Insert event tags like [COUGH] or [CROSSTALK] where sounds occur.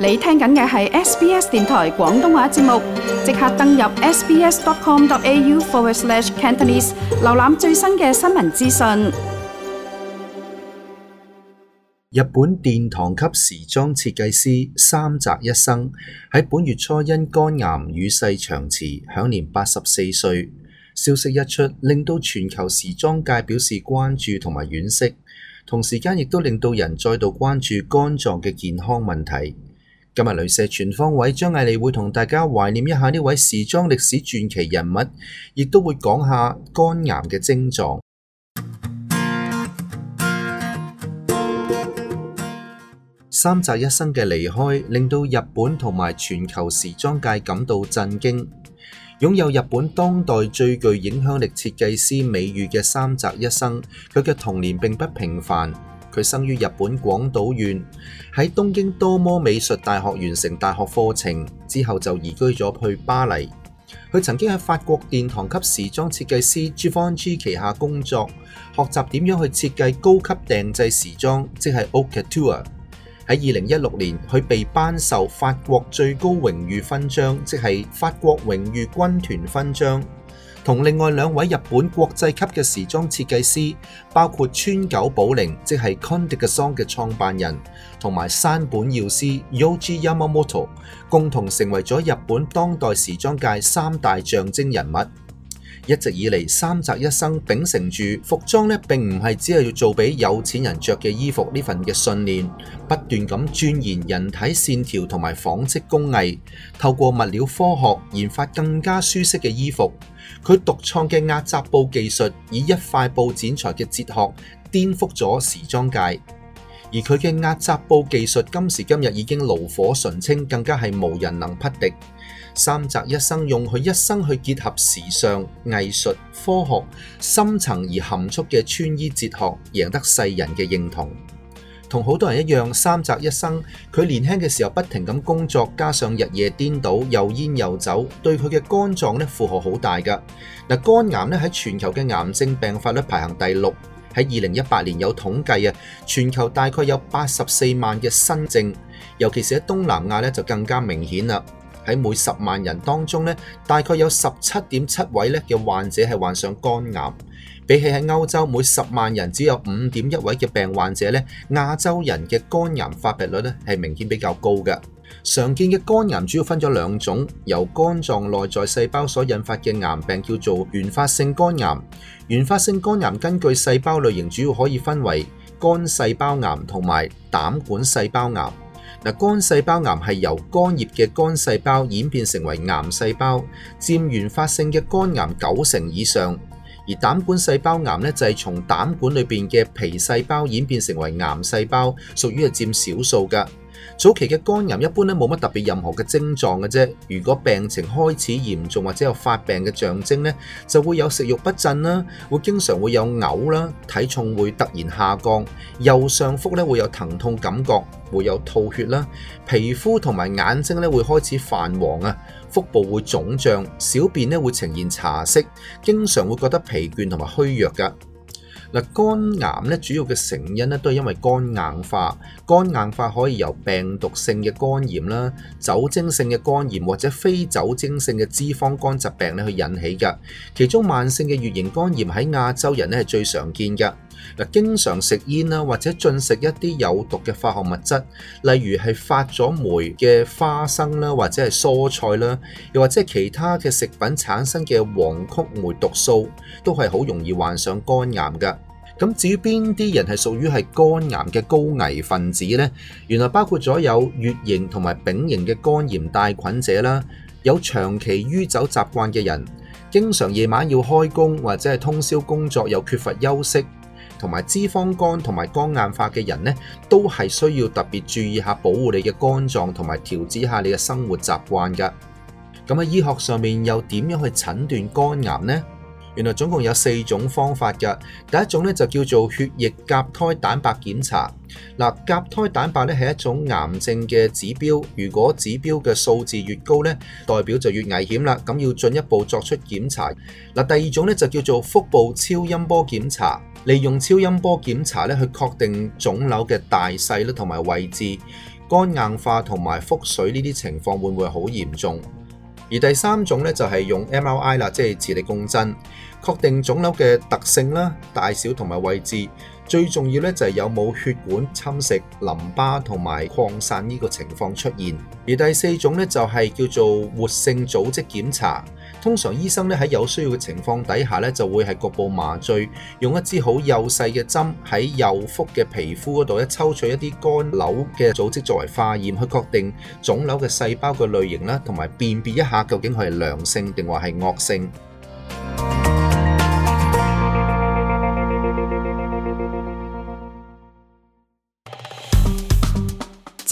你聽緊嘅係 SBS 電台廣東話節目，即刻登入 sbs.com.au/cantonese 瀏覽最新嘅新聞資訊。日本殿堂級時裝設計師三宅一生喺本月初因肝癌與世長辭，享年八十四歲。消息一出，令到全球時裝界表示關注同埋惋惜，同時間亦都令到人再度關注肝臟嘅健康問題。今日鐳射全方位張艾利會同大家懷念一下呢位時裝歷史傳奇人物，亦都會講下肝癌嘅症狀。三宅一生嘅離開令到日本同埋全球時裝界感到震驚。擁有日本當代最具影響力設計師美譽嘅三宅一生，佢嘅童年並不平凡。佢生於日本廣島縣，喺東京多摩美術大學完成大學課程之後，就移居咗去巴黎。佢曾經喺法國殿堂級時裝設計師 Givenchy 旗下工作，學習點樣去設計高級定製時裝，即係 Haute Couture。喺二零一六年，佢被頒授法國最高榮譽勳章，即係法國榮譽軍團勳章。同另外兩位日本國際級嘅時裝設計師，包括川久保玲即係 Comme des Garçons 嘅創辦人，同埋山本耀司 Yohji Yamamoto，共同成為咗日本當代時裝界三大象徵人物。一直以嚟，三宅一生秉承住服裝咧，並唔係只係要做俾有錢人着嘅衣服呢份嘅信念， [NOISE] 不斷咁鑽研人體線條同埋紡織工藝，透過物料科學研發更加舒適嘅衣服。佢獨創嘅壓扎布技術，以一塊布剪裁嘅哲學，顛覆咗時裝界。而佢嘅壓扎布技術，今時今日已經爐火純青，更加係無人能匹敵。三宅一生用佢一生去結合時尚、藝術、科學、深層而含蓄嘅穿衣哲學，贏得世人嘅認同。同好多人一樣，三宅一生佢年輕嘅時候不停咁工作，加上日夜顛倒，又煙又酒，對佢嘅肝臟咧負荷好大噶。嗱，肝癌咧喺全球嘅癌症病發率排行第六，喺二零一八年有統計啊，全球大概有八十四萬嘅新症，尤其是喺東南亞咧就更加明顯啦。喺每十萬人當中咧，大概有十七點七位咧嘅患者係患上肝癌。比起喺歐洲每十萬人只有五點一位嘅病患者咧，亞洲人嘅肝癌發病率咧係明顯比較高嘅。常見嘅肝癌主要分咗兩種，由肝臟內在細胞所引發嘅癌病叫做原發性肝癌。原發性肝癌根據細胞類型，主要可以分為肝細胞癌同埋膽管細胞癌。肝細胞癌係由肝葉嘅肝細胞演變成為癌細胞，佔原發性嘅肝癌九成以上；而膽管細胞癌咧就係從膽管裏邊嘅皮細胞演變成為癌細胞，屬於係佔少數嘅。早期嘅肝癌一般咧冇乜特別任何嘅症狀嘅啫。如果病情開始嚴重或者有發病嘅象徵咧，就會有食慾不振啦，會經常會有嘔啦，體重會突然下降，右上腹咧會有疼痛感覺。會有吐血啦，皮膚同埋眼睛咧會開始泛黃啊，腹部會腫脹，小便咧會呈現茶色，經常會覺得疲倦同埋虛弱㗎。肝癌咧主要嘅成因咧都係因為肝硬化，肝硬化可以由病毒性嘅肝炎啦、酒精性嘅肝炎或者非酒精性嘅脂肪肝疾病咧去引起嘅。其中慢性嘅乙型肝炎喺亞洲人咧係最常見嘅。嗱，經常食煙啦，或者進食一啲有毒嘅化學物質，例如係發咗霉嘅花生啦，或者係蔬菜啦，又或者其他嘅食品產生嘅黃曲霉毒素，都係好容易患上肝癌嘅。咁至於邊啲人係屬於係肝癌嘅高危分子呢？原來包括咗有乙型同埋丙型嘅肝炎帶菌者啦，有長期酗酒習慣嘅人，經常夜晚要開工或者係通宵工作又缺乏休息，同埋脂肪肝同埋肝硬化嘅人呢，都係需要特別注意下保護你嘅肝臟同埋調節下你嘅生活習慣噶。咁喺醫學上面又點樣去診斷肝癌呢？原來總共有四種方法㗎，第一種咧就叫做血液甲胎蛋白檢查。嗱，甲胎蛋白咧係一種癌症嘅指標，如果指標嘅數字越高咧，代表就越危險啦。咁要進一步作出檢查。嗱，第二種咧就叫做腹部超音波檢查，利用超音波檢查咧去確定腫瘤嘅大細咧同埋位置、肝硬化同埋腹水呢啲情況會唔會好嚴重？而第三種咧就係用 MRI 啦，即係磁力共振，確定腫瘤嘅特性啦、大小同埋位置。最重要咧就係有冇血管侵蝕、淋巴同埋擴散呢個情況出現。而第四種咧就係叫做活性組織檢查，通常醫生咧喺有需要嘅情況底下咧就會喺局部麻醉，用一支好幼細嘅針喺右腹嘅皮膚嗰度咧抽取一啲肝瘤嘅組織作為化驗，去確定腫瘤嘅細胞嘅類型啦，同埋辨別一下究竟係良性定或係惡性。